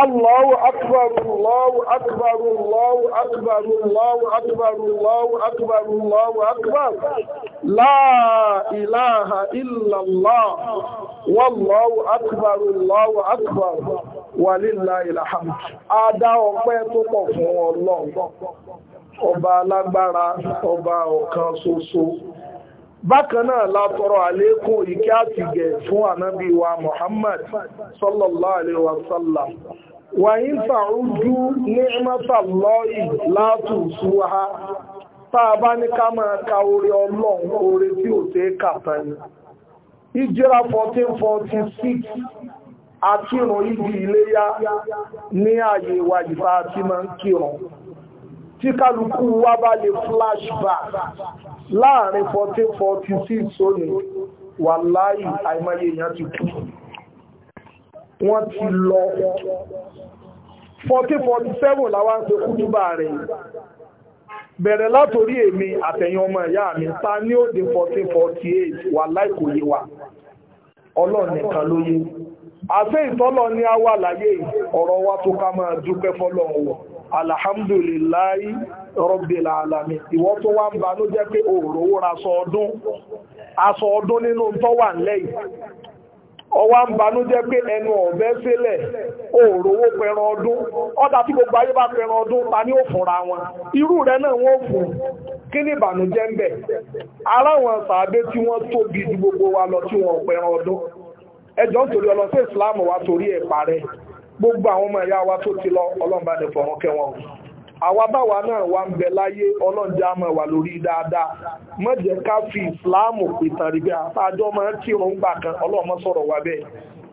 alọọwụ akbarụ ụlọwụ akbarụ ụlọwụ akbarụ ụlọwụ akbarụ ụlọwụ akụbarụụlọwụ akba la ilaha ilala walọwụ akbarụ ụlọụ akba walila adaokpetụkpọụụlọ ọbala gbara ọba ahụka tụsụ bákanáà látọrọ àlékún ìkẹ́ gẹ̀ fún ànábì wa Muhammad sallallahu alaihi wasallam wa in ta'uddu bá ní ká máa ka orí ọlọ́run orí tí ò tẹ́ 1446 àkírùn ibi iléyá ní ààyè wàjìfà àti máa ń tí kálukú wa bá lè flashback láàrin 1446 sóní wà láì àìmọye èèyàn ti kú wọ́n ti lọ 1447 láwọn ń pe kútúbà rẹ̀ bẹ̀rẹ̀ látorí èmi àtẹ̀yìn ọmọ ìyá mi ta ní òde 1448 wà láì kò yé wa ọlọ́run nìkan ló ìtọ́lọ ni a wà láyé ọ̀rọ̀ wa tó ká máa dúpẹ́ fọ́lọ́run wọ̀ alhamdulillahi rabbil alamin ìwọ́n tó wá ń ba ló jẹ́ pé òòrùn aṣọ ọdún aṣọ ọdún nínú tó wà lẹ́yìn ọwá ń banú jẹ́ pé ẹnu ọ̀bẹ sílẹ̀ òòrówó pẹran ọdún ọ̀dà tí gbogbo ayé bá pẹran ọdún ta ni ó fúnra wọn irú rẹ̀ náà wọ́n fún kí ni ìbànújẹ́ ń bẹ ara wọn sàádé tí wọ́n tóbi ju gbogbo wa lọ tí wọ́n pẹran ọdún ẹjọ́ nítorí ọlọ́sẹ̀ Islam wa torí ẹ̀ parẹ́ gbogbo àwọn ọmọ ẹ̀yà wa tó ti lọ ọlọ́mbà ní fọ̀rọ̀ kẹwọn o àwa báwa náà wà ń bẹ láyé ọlọ́njà mọ̀ wà lórí dáadáa má jẹ́ ká fi ìsìláàmù pìtàn rí bí àtàjọ́ máa ń kírun ń gbà kan ọlọ́mọ sọ̀rọ̀ wa bẹ́ẹ̀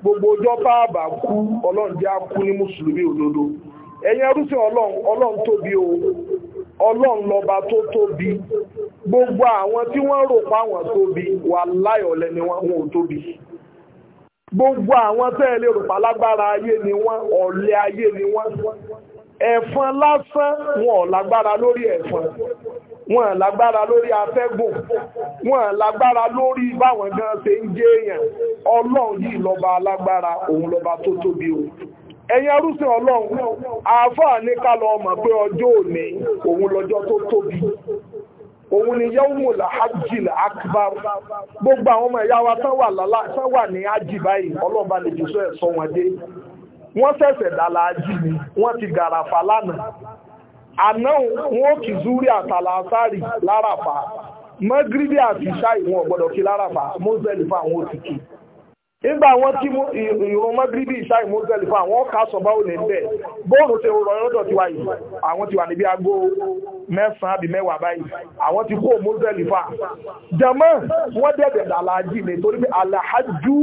gbogbo ọjọ́ tá a bá kú ọlọ́njà kú ní mùsùlùmí òdodo ẹ̀yin ẹrúsìn ọlọ́run ọlọ́run tóbi o ọlọ́run lọ́ba tó tóbi gbogbo àwọn tí wọ́n rò pa àwọn tóbi wà láyọ̀lẹ́ ni wọ́n tóbi gbogbo àwọn tẹ́ẹ̀lẹ̀ rùpà lágbára ayé ni wọ́n ọ̀lẹ ayé ni wọ́n ẹ̀fọn lásán wọn ò lágbára lórí ẹ̀fọn wọn ò lágbára lórí afẹ́gùn wọn ò lágbára lórí báwọn gan ṣe ń jẹ́ èèyàn ọlọ́run yìí lọ́ba alágbára òun lọ́ba tó tóbi o ẹ̀yin arúsìn ọlọ́run àáfàá ní ká lọ mọ̀ pé ọjọ́ òní òun lọ́jọ́ tó tóbi òun ni yawmul hajjil akbar gbogbo àwọn ọmọ ẹ̀yà wa tán wà ní ájì báyìí ọlọ́ọ̀bá lè jù sọ ẹ̀sọ́ wọn dé wọ́n ṣẹ̀ṣẹ̀ dàlà ájì ni wọ́n ti gàràfà lánàá àná wọn ò kì zúrí àtàlàsárì láràfà mọ́gírídì àti ṣáì wọn ò gbọ́dọ̀ kí láràfà mọ́sẹ̀lì fún àwọn òtìkì nígbà wọn tí ìrún mọ́gíríbì ìṣáì mọ́gẹ́lì fún àwọn ọ̀ka sọ̀bá ò lè ń bẹ̀ bóòlù ṣe rọ ìrọ́dọ̀ tiwa yìí àwọn ti wà níbi aago mẹ́sàn-án àbí mẹ́wàá báyìí àwọn ti kó mọ́gẹ́lì fún à. jẹ̀mọ́ wọ́n dẹ̀dẹ̀ dàlájì lè torí pé àlàájú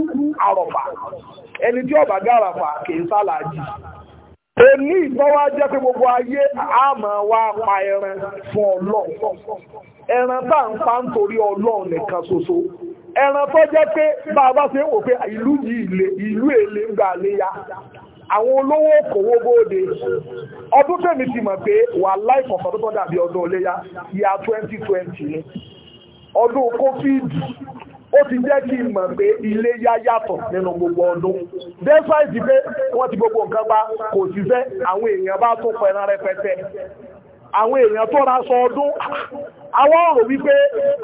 àrọ̀fà ẹni tí ọ̀bà gàràfà kì í sálàájì. èmi ìgbọ́n wa jẹ́ pé gbogbo ayé àmọ́ wa pa ẹran fún ọlọ́ọ̀ ẹran tá à ń pa nítorí ọlọ́ọ̀ nìkan ṣoṣo ẹran tó jẹ́ pé bá a bá ṣe wò pé ìlú yìí ìlú èlé ń gbà àwọn olówó kòwó bóde ọdún ti mọ̀ pé wà láìpọ̀ tọdún tó dàbí ọdún 2020 ni ọdún covid ó ti jẹ́ kí n mọ̀ pé iléyá yàtọ̀ nínú gbogbo ọdún despite pé wọ́n ti gbogbo nǹkan bá kò sí fẹ́ àwọn èèyàn bá tún àwọn èèyàn tó ra sọ ọdún àwọn ọ̀rọ̀ wípé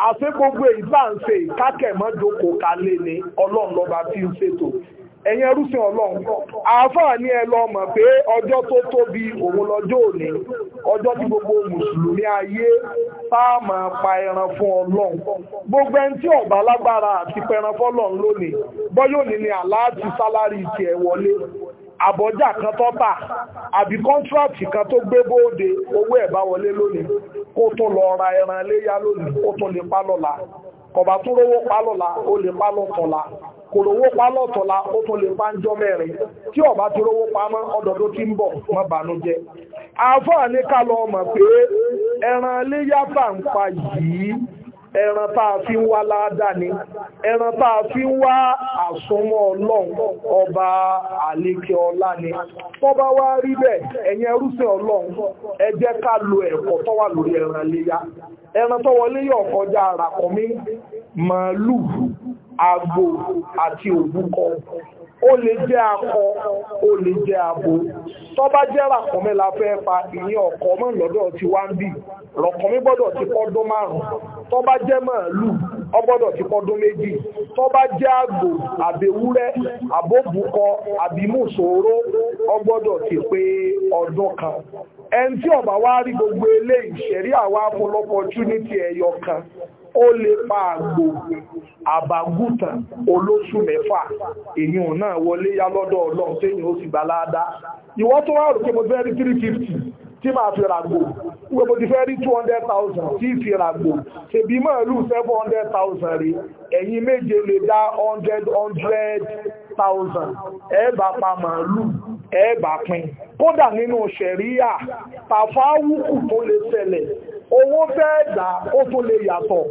asekogbe gbogbo ìgbà ń ṣe ìkákẹ̀mọ́dókò kalẹ̀ ni ọlọ́run lọ́ba tí ń ṣètò ẹ̀yin ẹrúsìn ọlọ́run àáfàá ní ẹ lọ mọ̀ pé ọjọ́ tó tóbi òun lọ́jọ́ òní ọjọ́ tí gbogbo mùsùlùmí ayé bá máa pa ẹran fún ọlọ́run gbogbo ẹni tí ọ̀bá lágbára àti pẹran fọlọ́run lónìí bọ́yọ̀ ní ni aláàtì sálárì tiẹ̀ wọlé àbọ̀jà kan tó tà àbí kọ́ńtíráàtì kan tó gbé bóde owó ẹ̀ bá wọlé lónìí kó tó lọ ra ẹran léyà lónìí kó tó lè pa lọ́la kọ̀bà tó rówó ó lè pa kò lówó pa lọ́tọ̀la ó tún lè pa ń jọ mẹ́rin tí ọba ti mọ́ ọdọ̀dọ̀ tí ń bọ̀ má bànújẹ́ àáfàá ní ká lọ mọ̀ pé ẹran iléyà bá pa yìí ẹran tá a fi ń wá ládàá ni ẹran tá a fi ń wá àsomọ́ ọlọ́run ọba àlékè ni bá wá rí bẹ́ẹ̀ ọlọ́run ẹ jẹ́ ká lo ẹ̀kọ́ tó wà lórí ẹran iléyà ẹran mi màálù àgbò àti òbúkọ ó lè jẹ́ akọ ó lè jẹ́ abo tó bá jẹ́ ràkúnmí fẹ́ pa ìyẹn ọkọ mọ́ lọ́dọ̀ tí wá ń bì rọ̀kúnmí gbọ́dọ̀ ti pọ́dún márùn-ún tó bá jẹ́ màálù ọgbọ́dọ̀ ti pọ́dún méjì tó bá jẹ́ àgbò àbẹ̀wúrẹ́ àbóbùkọ àbímùsòró ọgbọ́dọ̀ ti pé ọdún kan ẹni tí ọba wá rí gbogbo eléyìí ṣẹ̀rí àwa fún lọ́pọ̀túnítì ẹyọ kan ó lè pa àgbò àbágùtàn olóṣù mẹ́fà èyàn náà wọlé yá lọ́dọ̀ ọlọ́run téèyàn ó sì gbà láadáa ìwọ́n tó wá rò pé mo fẹ́ rí three fifty tí máa fi ràgbò gbogbo ti fẹ́ rí 200,000 tí fi ràgbò ṣèbí màálù 700,000 rí ẹ̀yin méje lè dá 100 100,000 ẹ̀ẹ́bà pa màálù ẹ̀ẹ́bà pín kódà nínú ṣẹ̀ríyà tàfáwùkù tó lè ṣẹlẹ̀ owó fẹ́ dà ó tó lè yàtọ̀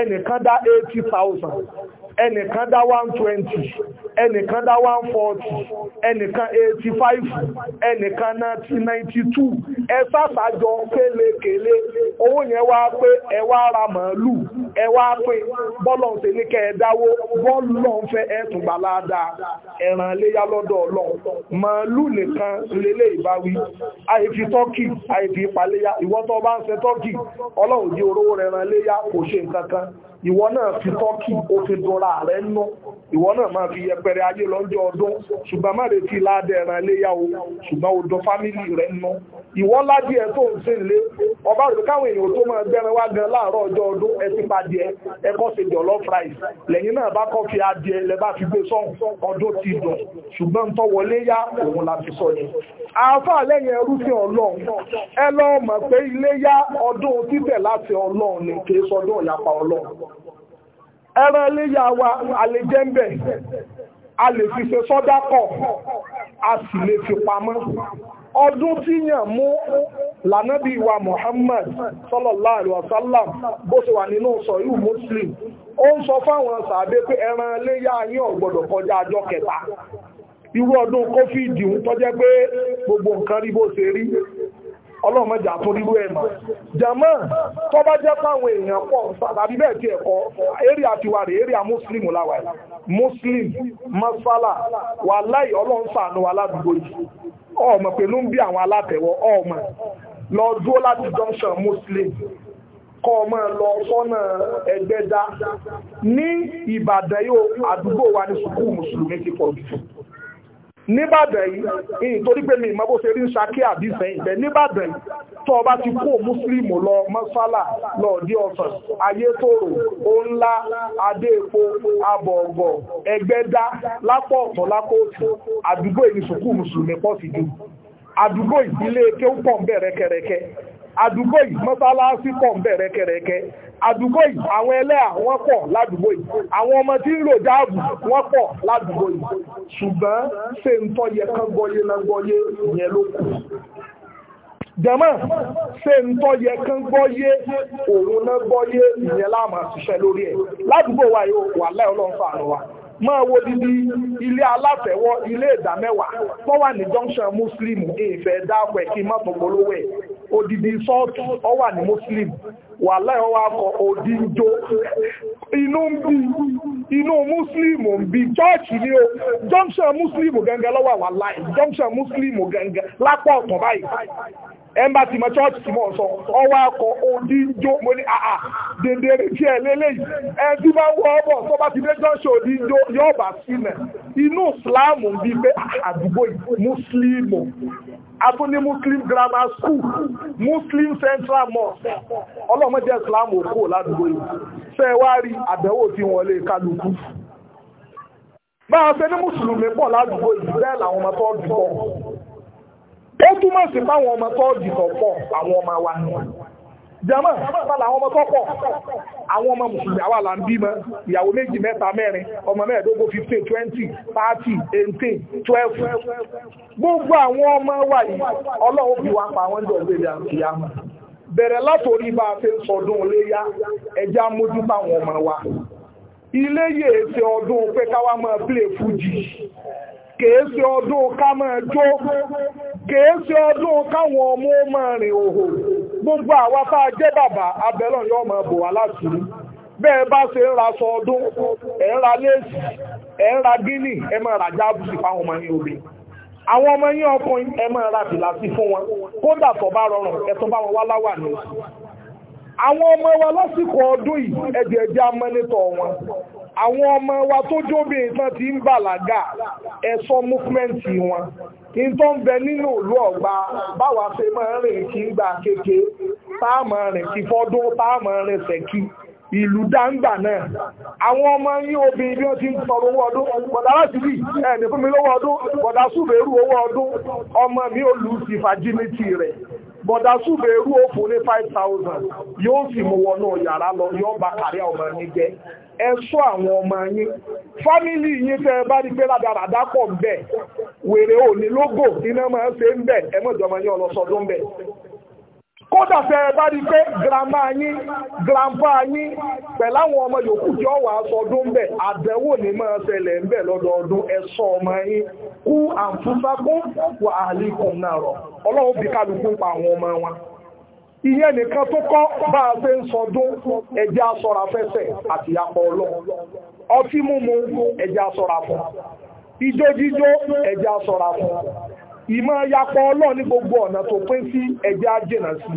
ẹnìkan dá 80,000 ẹnìkan dá 120 ẹnìkan dá 140 ẹnìkan 85 ẹnìkan two. ẹ sáàtàjọ kélékèlé owó yẹn wá pé ẹ wá ra màálù ẹ wá pín bọ́lọ̀ ń ṣe ní kẹ́ ẹ dáwó bọ́ọ̀lù náà ń fẹ́ ẹ tún gbà láàdáa ẹ̀ràn léyà lọ́dọ̀ ọlọ́run màálù nìkan lélẹ̀ ìbáwí àìfi tọ́kì àìfi ìpàléyà ìwọ tó bá ń ṣe tọ́kì ọlọ́run jí orówó rẹ̀ ràn léyà kò ṣe nǹkan kan ìwọ náà fi tọ́kì ó fi dọ́ra rẹ̀ nú ìwọ náà máa fi yẹpẹrẹ ayé lọ́jọ́ ọdún ṣùgbọ́n má retí láàdẹ ẹ̀ràn léyà o ṣùgbọ́n o dọ̀ fámìlì rẹ̀ nú ìwọ ládìẹ tó ń ṣe lé ọba rẹ̀ káwọn èèyàn tó máa gbẹran wá gan láàárọ̀ ọjọ́ ọdún ẹ ti pa adìẹ ẹkọ́ ṣe jollof rice lẹ́yìn náà bá kọ́ fi adìẹ lẹ́bá fi gbé sọ́n ọdún ti dùn ṣùgbọ́n tó wọlé yá òun la fi sọ ni àáfà lẹ́yìn ẹrúfin ọlọ́run ẹ lọ mọ̀ pé ilé yá ọdún títẹ̀ láti ọlọ́run ni kìí sọdún ìyapa ọlọ́run ẹran ilé yá wa àlejẹ́ńbẹ̀ a lè fi ṣe sọ́dákọ̀ a sì lè fi pamọ́ ọdún tí yàn mú lànábì wa Muhammad sallallahu alaihi bó ṣe wà nínú sọ ìlú Muslim ó ń sọ fáwọn sàábé pé ẹran léyà kọjá kẹta irú ọdún covid ń pé gbogbo nǹkan rí bó ṣe rí ọlọ́mọjà tún rírú ẹ̀mà jàmọ́ tó bá jẹ́ páwọn èèyàn pọ̀ tàbí bẹ́ẹ̀ tí ẹ̀kọ́ eré àtiwà rẹ̀ eré muslim muslim masala wà láì ọmọ pẹ̀lú ń bí àwọn alátẹ̀wọ́ ọmọ lọ dúró láti junction muslim kọ́ ọmọ lọ sọ́nà ẹgbẹ́dá ní ìbàdàn yóò àdúgbò wa ní sùkúù mùsùlùmí ti pọ̀ jù níbàdàn yìí nítorí pé mi ìmọ̀ bó ṣe rí ń ṣakí àbí sẹ́yìn bẹ́ẹ̀ níbàdàn yìí tó ọba ti kó mùsùlùmù lọ mọ́sálà lọ dí ọ̀sán ayétòrò ònlá adéèpo abọ̀ọ̀gọ̀ ẹgbẹ́dá lápọ̀ ọ̀tọ̀ lákòótù àdúgbò ìrìnsùkú mùsùlùmí pọ̀ sí ju àdúgbò ìdílé kéwù pọ̀ ń bẹ̀ rẹ́kẹrẹkẹ àdúgbò yìí mọ́sálásí pọ̀ ń bẹ̀ rẹ́kẹ́rẹ́kẹ́ àdúgbò yìí àwọn ẹlẹ́à wọ́n pọ̀ ládùúgbò yìí àwọn ọmọ tí ń lò jáàbù wọ́n pọ̀ ládùúgbò yìí ṣùgbọ́n ṣe ń tọ́ yẹ kán gbọ́yé náà gbọ́yé yẹn ló kù jẹ́mọ́ ṣe ń tọ́ yẹ kán gbọ́yé òun náà gbọ́yé ìyẹn láàmà ṣiṣẹ́ lórí ẹ̀ ládùúgbò wa yóò wà láì ọlọ́run fàánù wa máa wo dídí ilé aláfẹ̀wọ́ ilé ìdámẹ́wàá tó wà ní junction muslim ìfẹ́ dáàbò ẹ̀kí mọ́tò polówó ẹ̀ odidi sọ́ọ̀tù ọwà muslim wà láì ọwà akọ odi ń jó inú ń muslim ń bí chọ́ọ̀chì o junction muslim gangan lọ́wọ́ wà láì junction muslim gangan lápá ọ̀tọ̀ báyìí ẹmbà tí mo chọ́ọ̀tì tí mo sọ akọ odi ń jó mo ní àà tí ẹ ẹ tí bá wọ ọbọ̀ tó bá ti dé ń jó atúní muslim grammar school muslim central mosque ọlọ́mọdé islam òkú ládùúgbò yìí ṣe wá rí àbẹ̀wò tí wọ́n lè kálukú bá a ṣe ní mùsùlùmí pọ̀ ládùúgbò yìí bẹ́ẹ̀ làwọn ọmọ tó dìbò ó túmọ̀ sí fáwọn ọmọ tó pọ̀ àwọn ọmọ wa nìyẹn jama pàlà awon ọmọ awọn musulmi ọmọ mùsùlùmí àwa ma ń meji meta merin ọmọ 15 20 30 18 12 twelve gbogbo ọmọ wa yìí ọlọ́run fi wá pa àwọn ìjọ ìgbéde àkìyàmọ bẹ̀rẹ̀ a ṣe ń sọdún ọmọ wa play ọdún ká ọdún káwọn ọmọ gbogbo àwa tá a jẹ́ bàbá abẹ́lọ̀ yóò máa bò wá láṣìírí bẹ́ẹ̀ bá ṣe ń ra aṣọ ọdún ẹ̀ ń ra léèsì ẹ̀ ń ra gíní ẹ máa ra jábùsì fáwọn ọmọ yín obìnrin àwọn ọmọ yín ọkùnrin ẹ máa ra fún wọn kódà tó bá rọrùn ẹ bá wọn wá láwà ní àwọn ọmọ wa lásìkò ọdún yìí ẹ̀jẹ̀ ẹ̀jẹ̀ amẹ́nitọ̀ wọn àwọn ọmọ wa tó jóbìnrin tán ti ń ẹ̀sọ́ múfúmẹ́ǹtì wọn kí n tó ń bẹ nínú ìlú ọ̀gbà báwa ṣe máa ń rìn kí ń gbà kéke táàmù rìn kí fọ́dún táàmù rìn sẹ́kì ìlú dáńgbà náà àwọn ọmọ yí obìnrin bí wọ́n ti ń owó ọdún láti rí ẹni fún mi lówó ọdún owó ọdún ọmọ mi ò lù sí òfò lọ yóò bá ọmọ ẹ̀ṣọ́ àwọn ọmọ yín fámílì yín tẹ́ ẹ bá rí pé ládàradà pọ̀ ń bẹ̀ wèrè òní lógò iná máa ń ṣe ń bẹ̀ ẹ mọ̀jọ́ ọmọ yín ọlọ́sọdún bẹ̀. kódà tẹ́ ẹ bá rí pé grandma yín grandpa yín ọmọ yòókù bẹ̀ máa ṣẹlẹ̀ ń bẹ̀ ọmọ yín kú àǹfùsákún rọ̀ ọlọ́run kálukú ìyẹn nìkan tó kọ́ bá a ṣe ń sọdún ẹjẹ́ aṣọ́ra fẹ́sẹ̀ àti apọ̀ ọlọ́run ọtí mímu ẹjẹ́ aṣọ́ra fún ijó jíjó ẹjẹ́ aṣọ́ra fún ìmọ̀ yapọ̀ ọlọ́run ní gbogbo ọ̀nà tó pín sí ẹ̀jẹ̀ ajẹ́nà sí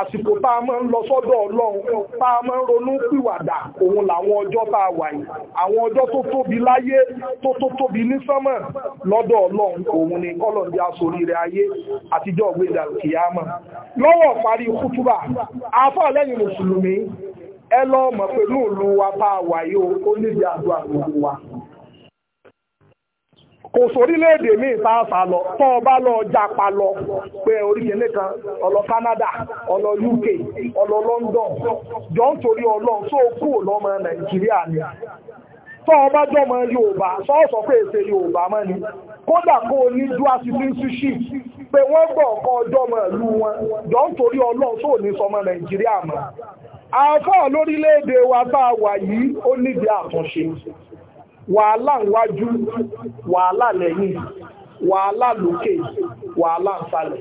àsìkò tá a máa ń lọ sọ́dọ̀ ọlọ́run tá a máa ń ronú pìwàdà òun làwọn ọjọ́ tá a wà yìí àwọn ọjọ́ tó tóbi láyé tó tó tóbi ní sánmọ̀ lọ́dọ̀ ọlọ́run òun ni kọ́lọ̀n di asorí rẹ̀ ayé àtijọ́ ògbéga kìyàmọ̀ lọ́wọ́ parí kútúbà afọ́ lẹ́yìn mùsùlùmí ẹ lọ́ọ́ mọ̀ pé kò sórílẹ̀-èdè mi ìfàáfà lọ tọ́ ọba lọ japa lọ pé orílẹ̀-èdè kan ọlọ Canada ọlọ UK ọlọ London jọ ń torí ọlọ́run tó kú lọ́mọ Nàìjíríà ni tọ́ ọba jọmọ Yorùbá sọ́ọ̀sọ̀ pé èsè Yorùbá mọ́ ni kódà kó o ní dual citizenship pé wọ́n gbọ́ ọ̀kan ọjọ́mọ ìlú wọn jọ ń torí ọlọ́run tó ní sọmọ Nàìjíríà mọ́ àfọ́ lórílẹ̀-èdè wa bá wà yìí ó nídìí àtúnṣe wàhálà níwájú wàhálà lẹ́yìn wàhálà lókè wàhálà nsàlẹ̀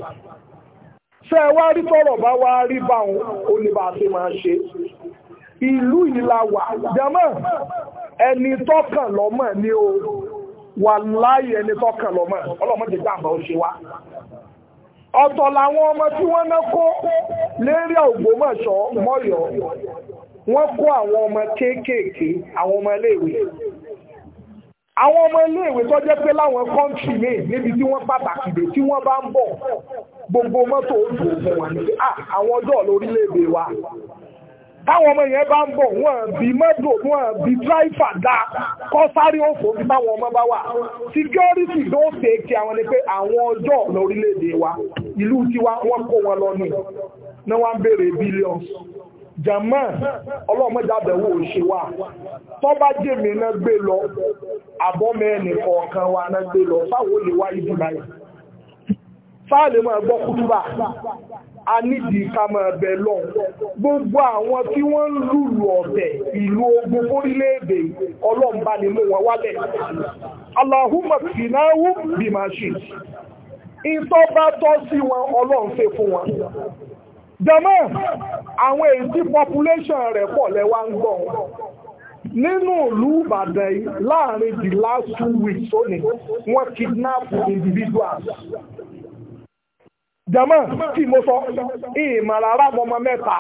ṣé ẹ wá rí tọ́rọ̀ bá wá rí báwọn oníbàṣe máa ṣe ìlú ìlàwà jẹmọ́ ẹni tọ́kàn lọ́mọ̀ ni o wà láyé ẹni tọ́kàn lọ́mọ̀ ọlọ́mọdé jàǹbá ó ṣe wá ọ̀tọ̀ làwọn ọmọ tí wọ́n ná kó lérí Ògbómọ̀ṣọ́ mọ́yọ́ wọ́n kó àwọn ọmọ kéékèèké àwọn ọmọ iléèwé àwọn ọmọ iléèwé tó jẹ́ pé láwọn kọ́ńtì míì níbi tí wọ́n pàtàkì dé tí wọ́n bá ń bọ̀ gbogbo mọ́tò òdò fún wọn ni àwọn ọjọ́ lórílẹ̀‐èdè wa táwọn ọmọ yẹn bá ń bọ̀ wọ́n bí mọ́tò wọ́n bí dráìfà dá kọ́ sáré òfò bí táwọn ọmọ bá wà security ló ń pè kí àwọn ni pé àwọn ọjọ́ lórílẹ̀‐èdè wa ìlú tiwa wọ́n kó wọn lọ ní wọ́n wá ń jàmá ọlọ́mọdé àbẹ̀wò òṣè wa tó bá jẹ́ mi náà gbé lọ àbọ́mọ ẹnì kọ̀ọ̀kan wa náà gbé lọ sáwọn olè wá ibi báyìí sáàlè máa gbọ́ kútúbà a nídìí ká máa bẹ lọ gbogbo àwọn tí wọ́n ń lùlù ọ̀tẹ̀ ìlú ogun orílẹ̀-èdè ọlọ́mbà ni mú wọn wálẹ̀ Allahumma fìnáwó bìmáṣì ìtọ́ bá tọ́ sí wọn ọlọ́run fẹ́ fún wọn jọmọ́ àwọn èyí population rẹ̀ pọ̀ lẹ́wà ń gbọ́ nínú ìlú Ìbàdàn yìí láàrin the last two weeks òní wọ́n kidnap individuals jọmọ́ kí mo sọ ìmọ̀ràn arábọmọ mẹ́ta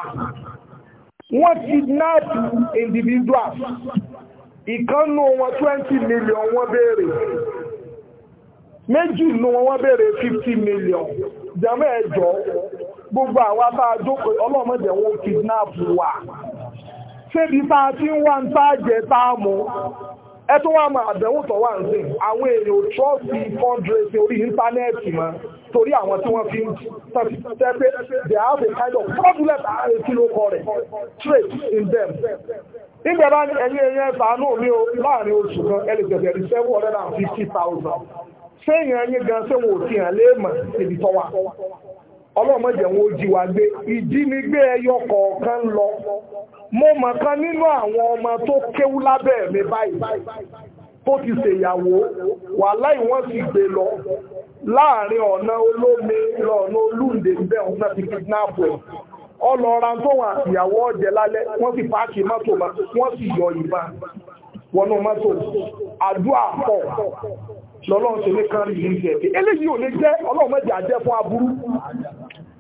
wọ́n kidnap individuals ìkànnù wọn twenty million wọ́n béèrè méjì nù wọn wọ́n béèrè fifty million jọmọ́ ẹ̀jọ̀ gbogbo àwa bá jókòó ọlọ́mọdé wọn kidnap wà ṣébi tá a ń wá ń tá a jẹ tá a mú wà ń sìn àwọn èèyàn orí íńtánẹ́ẹ̀tì mọ́ torí àwọn tí wọ́n fi ń kind of fraudulent rẹ̀ kan seven hundred and fifty thousand ṣé ẹ̀yìn gan ṣé wọn ọlọ́mọdé wọn ó jí wa gbé ìjínigbé ẹyọ kọ̀ọ̀kan lọ mo mọ̀ kan nínú àwọn ọmọ tó kéwú lábẹ́ mi báyìí tó ti ṣèyàwó wàláì wọ́n sì gbé lọ láàrin ọ̀nà olómi lọ́nà olúǹde bẹ́ẹ̀ ti kidnap ọlọ́ra tó wà ìyàwó ọ̀jẹ̀ lálẹ́ wọ́n sì mọ́tò yọ wọnú mọ́tò àdúrà pọ̀ lọ́lọ́run ṣe ní rí eléyìí ò ní jẹ́ fún aburú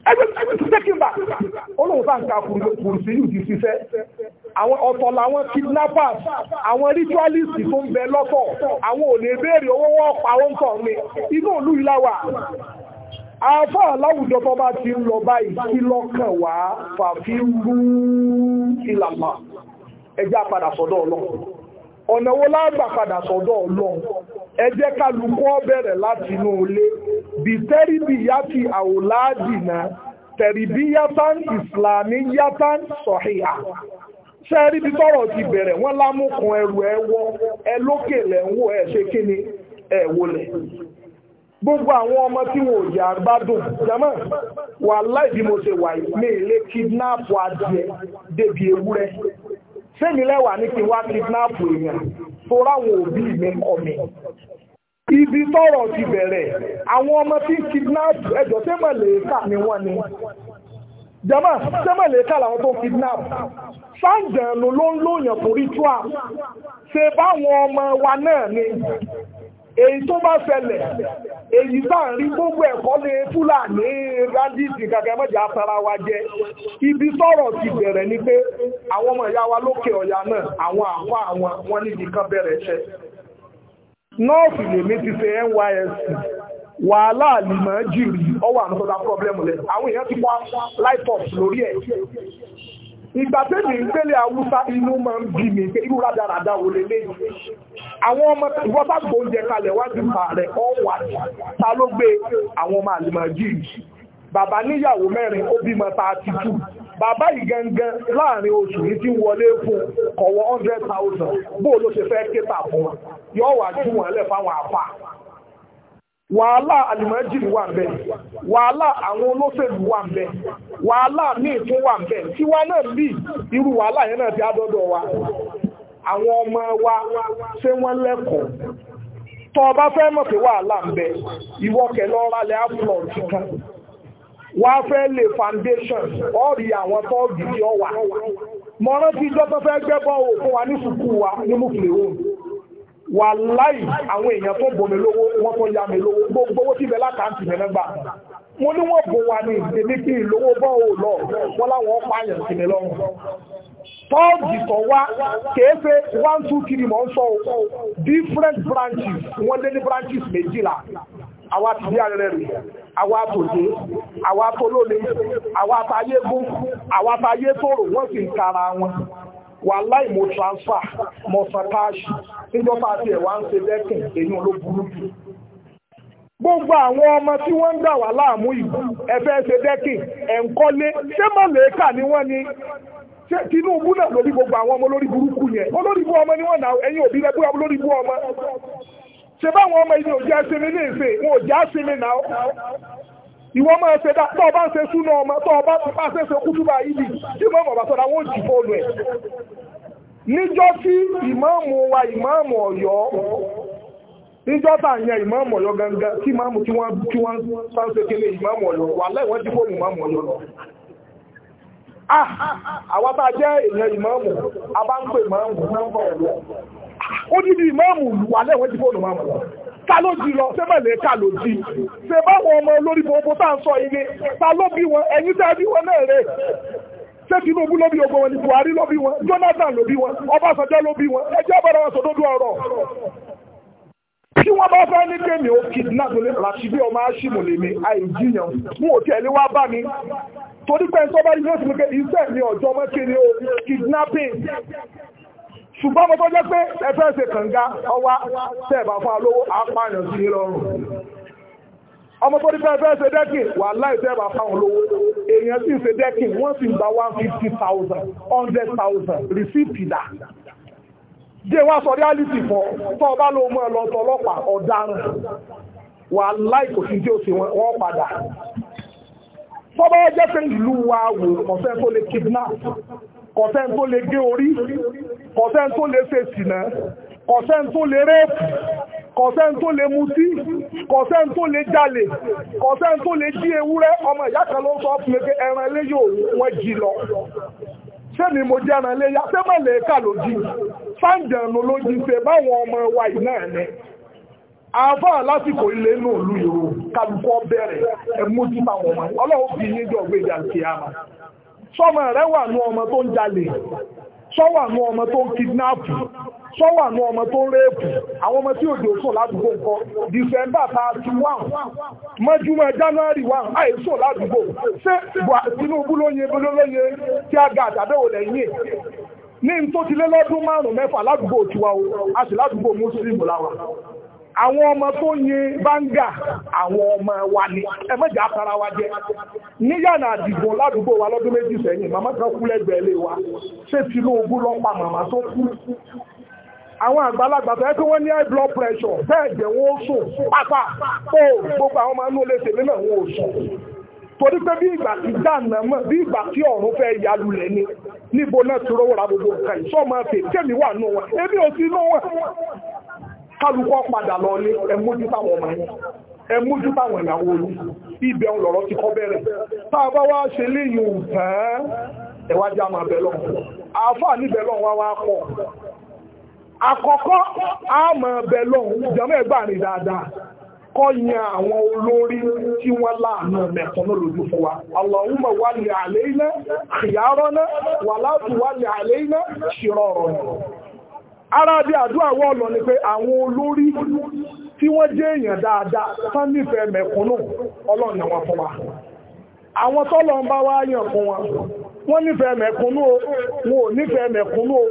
ẹgbẹ́ tó tẹ́kì bá olóhùn bá ń ka kùrùsí yìí ti ṣiṣẹ́ àwọn ọ̀tọ̀ làwọn kidnappers àwọn ritualist tó ń bẹ lọ́tọ̀ àwọn ò lè béèrè owó wọ́n pa wọ́n tọ̀ ni inú òlú yìí láwà afọ́ aláwùjọ tó bá ti ń lọ báyìí kí lọ́kàn wá fàfihàn ìlànà ẹjá padà sọ́dọ̀ ọlọ́run ọ̀nàwó wo lágbà padà sọ́dọ̀ ọlọ́run ẹ jẹ́ kálukú bẹ̀rẹ̀ láti inú ilé bí tẹ́rìbì yàtì àwòláàdì náà tẹ̀rìbì yàtàn ìsìlámì yàtàn sọ̀hìyà ṣe rí ti bẹ̀rẹ̀ wọn ẹrù gbogbo àwọn ọmọ tí wọn ò jama wàhálà ṣe wà ní ilé kidnap adìẹ sẹ́mi lẹ́wà ní kí wá kidnap èèyàn tó ráwọn òbí mi kọ̀ mi. ibi tọ́rọ̀ ti bẹ̀rẹ̀ àwọn ọmọ tí kidnap ẹjọ́ sẹ́mọ̀lẹ́ka ni wọ́n ni jama sẹ́mọ̀lẹ́ka làwọn tó kidnap sáǹjẹ̀nu ló ń lóyàn fún ritual ṣe báwọn ọmọ wa náà ni èyí tó bá fẹlẹ̀ èyí bá ń rí gbogbo ẹ̀kọ́ lè fúlàní rádìsì kàkẹ́ mọ́jà tara wa jẹ ibi sọ̀rọ̀ ti bẹ̀rẹ̀ ni pé àwọn ọmọ ìyá wa lókè ọ̀yà náà àwọn àwa àwọn wọn níbi kan bẹ̀rẹ̀ ṣẹ nọ́ọ̀sì lèmi ti ṣe NYSC wàhálà àlìmọ́ jìrì ọwọ́ àmọ́sọ́dá pọ́blẹ́mù lẹ̀ àwọn èèyàn ti pa light up lórí ẹ̀ ìgbà tẹ́lì ìgbélé awúsá inú máa ń bí mi pé irú rádaràdá wò lè lé àwọn ọmọ ìwọ́sá gbóúnjẹ kalẹ̀ wájú pa rẹ̀ ọ̀wà ta ló gbé àwọn ọmọ àlùmọ̀jì bàbá níyàwó mẹ́rin ó bímọ ta ti tú bàbá yìí gangan láàrin oṣù yìí ti wọlé fún kọ̀wọ́ 100,000 bóò ló ṣe fẹ́ kéta fún wọn yóò wà jù wọn lẹ̀ fáwọn àfà wàhálà alimọ̀ẹ́jìrì wà bẹ́ẹ̀ wàhálà àwọn olóṣèlú wà bẹ́ẹ̀ wàhálà míì tún wà bẹ́ẹ̀ tí náà bí irú wàhálà yẹn náà ti wa àwọn ọmọ wa ṣé wọn lẹ́kọ̀ọ́ tọ́ ọba bá fẹ́ pé wàhálà ń ìwọ kẹlẹ́ ọ̀rálẹ̀ wà á lè foundation ọ̀rí àwọn tọ́ọ̀gì tí ọ wà ti wà láì àwọn èèyàn tó bọ̀ mi lówó wọ́n tó ya mi lówó gbogbo owó tí bẹ látàntì mi nígbà mo ní wọ́n bò wà ní ìdèmí kí ìlówó bọ́ ò lọ wọ́n láwọn pààyàn sí mi lọ́rùn tọ́ọ̀dì tó wá kéèfé one two three mọ̀ ń sọ different branches wọ́n lé ní branches méjìlá àwa tìbí àrẹ rẹ̀ àwa tòde àwa tolóle àwa tayé gún àwa tayé tòrò wọ́n sì ń kara wọn wàláì mo transfer mo san káàṣì níjọba àti ẹ̀wà ń ṣe lẹ́kìn èyí ló burú jù gbogbo àwọn ọmọ tí wọ́n ń dà wá láàmú ìlú ẹ̀fẹ́ ṣe dẹ́kìn ẹ̀ńkọ́lé ṣé mọ̀lẹ́kà ni wọ́n ni ṣé Tinubu náà lórí gbogbo àwọn ọmọ olórí burúkú yẹn olórí bú ọmọ ni wọ́n náà ẹ̀yin òbí lẹ́gbẹ́ olórí bú ọmọ ṣe báwọn ọmọ ilé òjá sinmi ní ìsìn wọn ò já sinmi náà ìwọ máa ṣe dá tọ́ ọba ń ṣe súnà ọmọ tọ́ ọba ń bá ṣe ṣe kútúbà ìdí tí mọ́ ọ̀bà sọ́dá wọ́n jì fóònù ẹ̀ níjọ́ tí ìmáàmù wa ìmáàmù ọ̀yọ́ níjọ́ tà ń yan ìmáàmù ọ̀yọ́ gangan tí ìmáàmù tí wọ́n tí wọ́n bá ń ṣe kele ìmáàmù ọ̀yọ́ wà láì wọ́n jì fóònù ìmáàmù ọ̀yọ́ lọ. Ah, àwa tá a jẹ́ èèyàn ìmáàmù a bá ń pè ìmáàmù ó dìbì ta ló jí lọ sẹ́mẹ̀lẹ̀ ká ló jí ṣe báwọn ọmọ olórí gbogbo tá ń sọ iye ta ló bí wọn ẹ̀yìn tẹ́ bí wọn náà rẹ̀ ṣé Tinubu ló bí ogun wọn ni Buhari ló bí wọn Jonathan ló bí wọn Ọbásanjọ́ ló bí wọn ẹjẹ́ bọ́ra wọn sọdọ́dú ọ̀rọ̀ kí wọ́n bá fẹ́ ní kéèmì ó kidnap lè Rashidi ọmọ aṣímù lèmi àìjíyàn mú òkè ẹ̀lé wá bá mi torí pé ẹ̀sọ́ bá yí ló ti mú pé iṣẹ́ mi ọjọ́ mọ́ kí ni ó kidnapping ṣùgbọ́n mo tó jẹ́ pé ẹfẹ́ ṣe kànga ọwá tẹ́ẹ̀bà fún alówó apáyàn sí i lọ́rùn ọmọ tó dípẹ́ ẹfẹ́ ṣe dẹ́kìn wà láì tẹ́ẹ̀bà fún èèyàn sì ṣe dẹ́kìn wọ́n sì gba 150,000 100,000 rìsíìtì dà jẹ́ wá sọ reality fọ́ tó ọba ló mú ọlọ́pàá ọ̀daràn wà láì kò sí wọ́n padà ìlú wa wò tó kidnap kọ̀sẹ́n tó lè gé orí kọ̀sẹ́n tó lè ṣe sìnà kọ̀sẹ́n tó lè rẹ́ẹ̀pù kọ̀sẹ́n tó lè mutí kọ̀sẹ́n tó lè jalè tó lè jí ewúrẹ́ ọmọ ìyá kan ló sọ fún ẹran ilé yóò wọ́n jí lọ ṣé ni mo jẹ́ ẹran ilé ya ṣé mọ̀ lẹ́ẹ̀ka ló jí fáǹjẹ̀nù ló jí ṣe báwọn ọmọ wa yìí náà ni àbá lásìkò ilé inú ìlú yòó kálukọ́ bẹ̀rẹ̀ ẹ̀mójútàwọn ọmọ ọlọ́run fi yín gbé ìjà sí àmà sọ́mọ rẹ̀ wà nú ọmọ tó ń jalè sọ́wà ọmọ tó ń kidnapu sọ́wà ọmọ tó ń rẹ́ẹ̀pù àwọn ọmọ tí òjò sùn ládùúgbò nǹkan December thirty one mọ́júmọ́ January one àìsùn ládùúgbò ṣé Tinubu ló yẹ yẹ tí a ga lẹ́yìn o a sì àwọn ọmọ tó yin báńgà àwọn ọmọ wa ni ẹmọ́jà àtàrà wa jẹ́ níyànà àdìgbò ládùúgbò wa lọ́dún méjì sẹ́yìn màmá kan kú lẹ́gbẹ̀ẹ́ lé wa ṣé Tinubu ló màmá tó kú àwọn àgbàlagbà tó yẹ kí wọ́n ní high blood pressure bẹ́ẹ̀ jẹ́ wọ́n sùn pápá ó gbogbo àwọn ọmọ inú ilé tèmi náà wọ́n sùn torí pé bí ìgbà tí dáná mọ́ bí ìgbà tí ọ̀run fẹ́ ya lulẹ̀ ni níbo náà ti rówó ra gbogbo nǹkan ìṣọ́ máa fè kémi wà nù wọn ebi ò sí nù wọn kálukọ́ padà lọ ní ẹmójú táwọn ọmọ yẹn ẹmójú táwọn ìyàwó olú ibẹ̀ ń lọ̀rọ̀ ti kọ́ bẹ̀rẹ̀ tá a bá wá ṣe léyìn òǹtàn ẹ̀wájú àmà bẹ̀lọ̀ àáfà níbẹ̀lọ̀ wá wá pọ̀ àkọ́kọ́ àmà bẹ̀lọ̀ jẹ́mọ́ ẹgbà rìn dáadáa kọ́ yan àwọn olórí tí wọ́n láàánú mẹ́kànnà lójú fún wa. Allahumma wali alaina khiyarana wala tuwali alaina shirarana ara bí àdúrà wọ́ lọ ni pé àwọn olórí tí wọ́n jẹ́ èèyàn dáadáa tán nífẹ̀ẹ́ mẹ̀kúnnù ọlọ́run àwọn fún wa àwọn tọ́lọ̀ ń bá wá yàn fún wa wọ́n nífẹ̀ẹ́ mẹ̀kúnnù o wọn ò nífẹ̀ẹ́ mẹ̀kúnnù o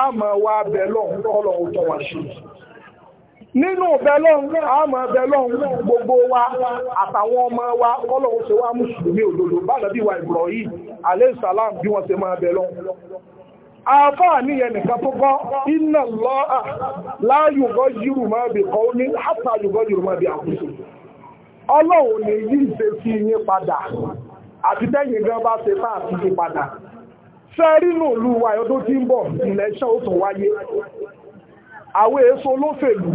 a máa wá bẹ̀ kọ́lọ̀ wa ṣe nínú bẹ́lọ́n a wa àtàwọn ọmọ wa kọ́lọ̀ ó ṣe wá mùsùlùmí òdodo àfáà níyẹn nìkan tó gbọ́ iná lọ́ à láyùgọ́ yìrù máa bè kọ́ ní hátà yùgọ́ yìrù máa bè àkóso ọlọ́run ní yí ìṣe sí yín padà àti tẹ́yìn gan bá ṣe tá àti yí padà sẹ́rí lù wà ọdún tí ń bọ̀ ìlẹ́ṣẹ́ ó tún wáyé àwọn èso olóṣèlú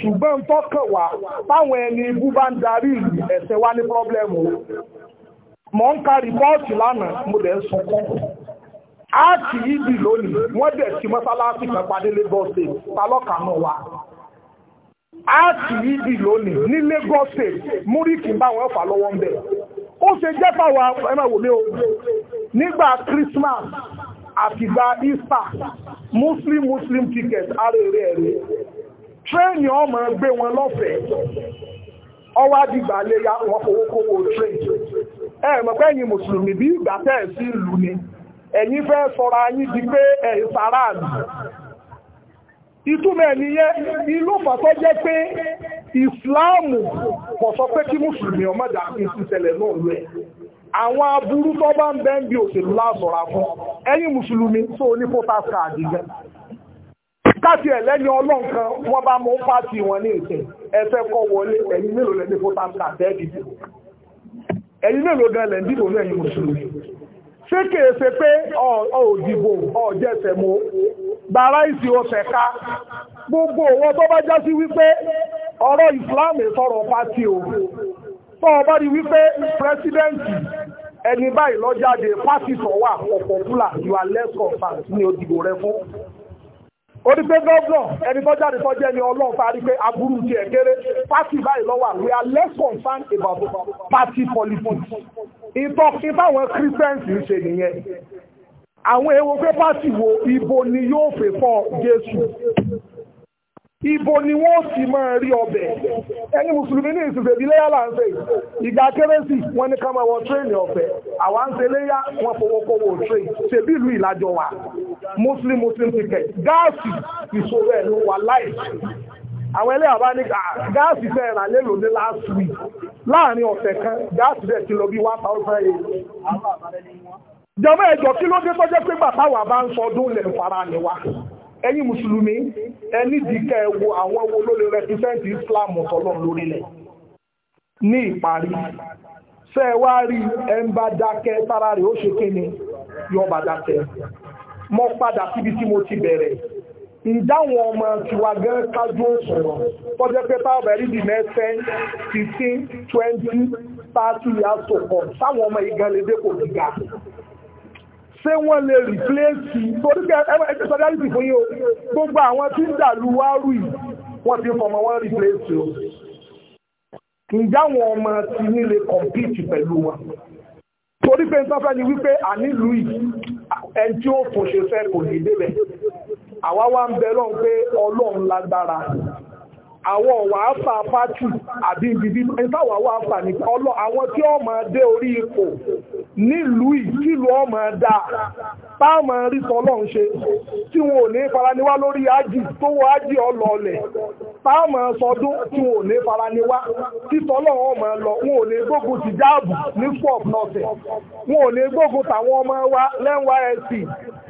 ṣùgbọ́n tọ́kàn wá táwọn ẹni ibú bá ń darí ìlú ẹ̀sẹ̀ wá ní pọ́blẹ́mù mọ̀ ń ka rìpọ́ọ̀tì lánàá mo dẹ̀ ń sunkún áàkì ìdì lónìí wọ́n dẹ̀ ti mọ́sálásì kan padé Lagos wa. talọ́kà náà wà áàkì ìdì lónìí ní Lagos State múríkì bá wọn fà lọ́wọ́ ń bẹ̀ ó ṣe jẹ́ pàwọ́ ẹ o nígbà Christmas àtìgbà Easter Muslim Muslim ticket arére ẹ̀rẹ́ tírẹ́ẹ̀nì ọmọ gbé wọn lọ́fẹ̀ẹ́ ọwọ́ àdìgbà léyà wọn fowó kówó tírẹ́ẹ̀nì ẹ̀ẹ̀mọ̀pẹ́yìn mùsùlùmí bí ìgbà tẹ́ẹ̀ sí ìlú ni ẹ̀yin fẹ́ sọ̀rọ̀ ayín di pé ẹ̀yìn sàárà mi ìtumọ̀ ẹ̀nìyẹn ìlú fàtọ́ jẹ́ pé ìsìláàmù kò sọ pé kí mùsùlùmí ọmọ ìdàkùn ìsìnṣẹ̀lẹ̀ náà rẹ̀ àwọn aburú tó bá ń bẹ ń bí òṣèlú lásọ̀ra fún ẹ̀yin mùsùlùmí tó ní photas card gan káàkiri ẹ̀lẹ́ni ọlọ́nkan wọ́n bá mọ́ pàtì wọn ní ìsìn ẹ̀fẹ́ kọ́ wọlé ẹ̀yin mélòó lẹ́ni photas card ẹ̀dìbò ẹ̀yin mélòó gan lẹ́ndìbò ní ẹ̀yin mùsùlùmí ṣé kìí ṣe pé ọ̀dìbò ọ̀jẹ̀sẹ̀ mo bàrá ìsì ọ̀sẹ̀ ká gbogbo owó tó bá já sí wípé ọ̀rọ̀ ìsìláàmù sọ̀rọ̀ pátì o tó ọba rí wípé pírẹsidẹ́ǹtì ẹni báyìí lọ́jáde pátì sọ̀wà ọ̀pọ̀pùlà you are less concerned ní òdìbò rẹ fún ó ní pé gọ́ọ̀nà ẹni tó jáde tó jẹ́ ni ọlọ́run tá a rí pé aburú ti ẹ̀ kéré pátì báyìí lọ́wọ́ we are less concerned about party politics ìtọ́kí báwọn Christians ń ṣe nìyẹn àwọn èèwọ̀ pé pátì wo ibo ni yóò fẹ́ fọ́ Jésù ibo ni wọ́n ti máa rí ọbẹ̀ ẹni mùsùlùmí ní ìsìnkú ìbílẹ̀ yàrá ń sè ìgbà kérésì wọ́n ní ká máa wọ tírèènì ọbẹ̀ àwa ń ṣẹlẹ̀ yá wọ́n fowókọ́wọ́ tírèèn ṣèbí ìlú ìlàjọ wa muslim muslim ticket gáàsì ìṣòro ẹ̀ ló wà láì àwọn ẹlẹ́yà bá ní gáàsì fẹ́ rà lélo ní last week láàrin ọ̀sẹ̀ kan gáàsì rẹ̀ ti lọ bí one thousand eight jọmọ ẹjọ kí ló dé tọjọ pé bàbá wa bá ń sọdún lẹ ẹ̀yin mùsùlùmí ẹni dìkẹ́ ẹwọ àwọn wo ló lè rẹpísẹ́ǹtì Islam tọ́lọ́ lórílẹ̀ ní ìparí ṣe ẹ wá rí ẹnba dákẹ́ tára rẹ̀ ó ṣe kéne yọba dákẹ́ mo padà síbi tí mo ti bẹ̀rẹ̀ ìdáwọn ọmọ tiwa gan kájú òṣùwọ̀n tọ́jẹ́ pé táwọn ẹ̀rí di mẹ́sẹ̀ fifteen twenty thirty years to come sáwọn ọmọ ìgànlédé kò gíga ṣé wọ́n lè rìpléèsì torí pé ẹgbẹ́ sọdárìtì fún yíò gbogbo àwọn tí ń dàlú wá rù yìí wọ́n ti fọmọ wọn rìpléèsì o ǹjẹ́ àwọn ọmọ ti ní lè kọ̀mpìtì pẹ̀lú wọn torí pé sọ́fẹ́ ni wípé ànílùú yìí ẹni tí ó fòṣe fẹ́ kò ní débẹ̀ àwa wá ń bẹ lọ́n pé ọlọ́run lágbára àwọn ọ̀wà àfà pátì àbí ibi ìtawà wà àfà ní ọlọ́ àwọn tí ó máa dé orí ipò nílùú ìkìlú ọmọ dá táàmà rí tọ́lọ́run ṣe tí wọn ò ní faraniwá lórí ájì tó wọ ájì ọlọ́ọ̀lẹ̀ táàmà sọdún tí wọn ò ní faraniwá tí tọ́lọ́run ọmọ lọ wọn ò ní gbógun ti jáàbù ní fọ́ọ̀f nọ́ọ̀sẹ̀ wọn ò ní gbógun tàwọn ọmọ wa lẹ́wọ̀n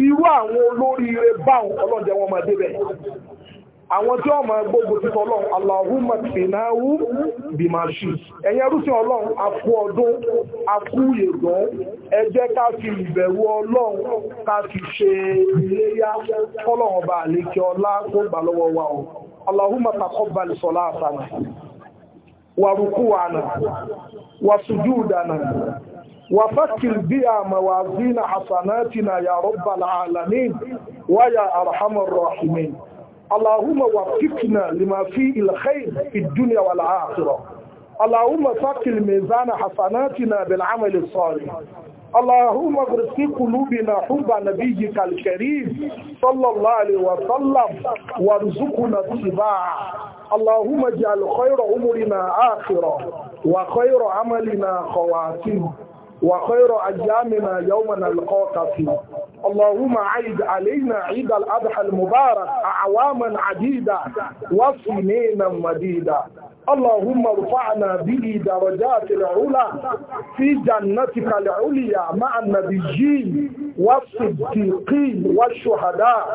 irú àwọn olóríire báwọn ọlọ́jẹ́ àwọn tí ọmọ gbogbo títọ́ ọlọ́run aláhùnmọ̀ tìnáwú bìmáṣì ẹ̀yẹ rúsí ọlọ́run afú ọdún afú yẹ̀gbọ́n ẹ ká fi ìbẹ̀rù ọlọ́run ká fi ṣe iléyá ọlọ́run ọba àlékẹ́ ọlá kó gbà lọ́wọ́ wa o aláhùnmọ̀ taqabbal wa ruku'ana na sujudana وفكر بها موازين حسناتنا يا رب اللهم وفقنا لما فيه الخير في الدنيا والآخرة اللهم ثقل ميزان حسناتنا بالعمل الصالح اللهم اغرس في قلوبنا حب نبيك الكريم صلى الله عليه وسلم وارزقنا اتباعه اللهم اجعل خير عمرنا آخرة وخير عملنا خواتيمه وخير أيامنا يوم نلقاك فيه اللهم عيد علينا عيد الأضحى المبارك أعواما عديدة وسنينا مديدة اللهم ارفعنا به درجات العلا في جنتك العليا مع النبيين والصديقين والشهداء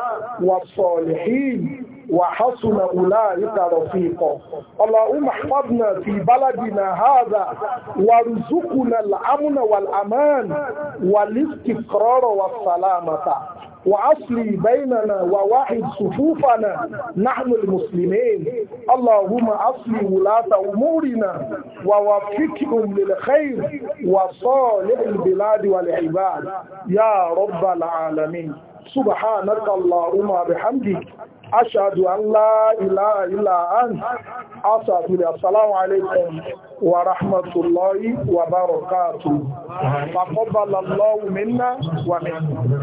والصالحين وحسن أولئك رفيقا اللهم احفظنا في بلدنا هذا وارزقنا الأمن والأمان والاستقرار والسلامة وعصلي بيننا وواحد صفوفنا نحن المسلمين اللهم عصلي ولاة أمورنا ووفقهم للخير وصالح البلاد والعباد يا رب العالمين سبحانك اللهم بحمدك أشهد أن لا إله إلا أنت أستغفرك السلام عليكم ورحمة الله وبركاته تقبل الله منا ومنكم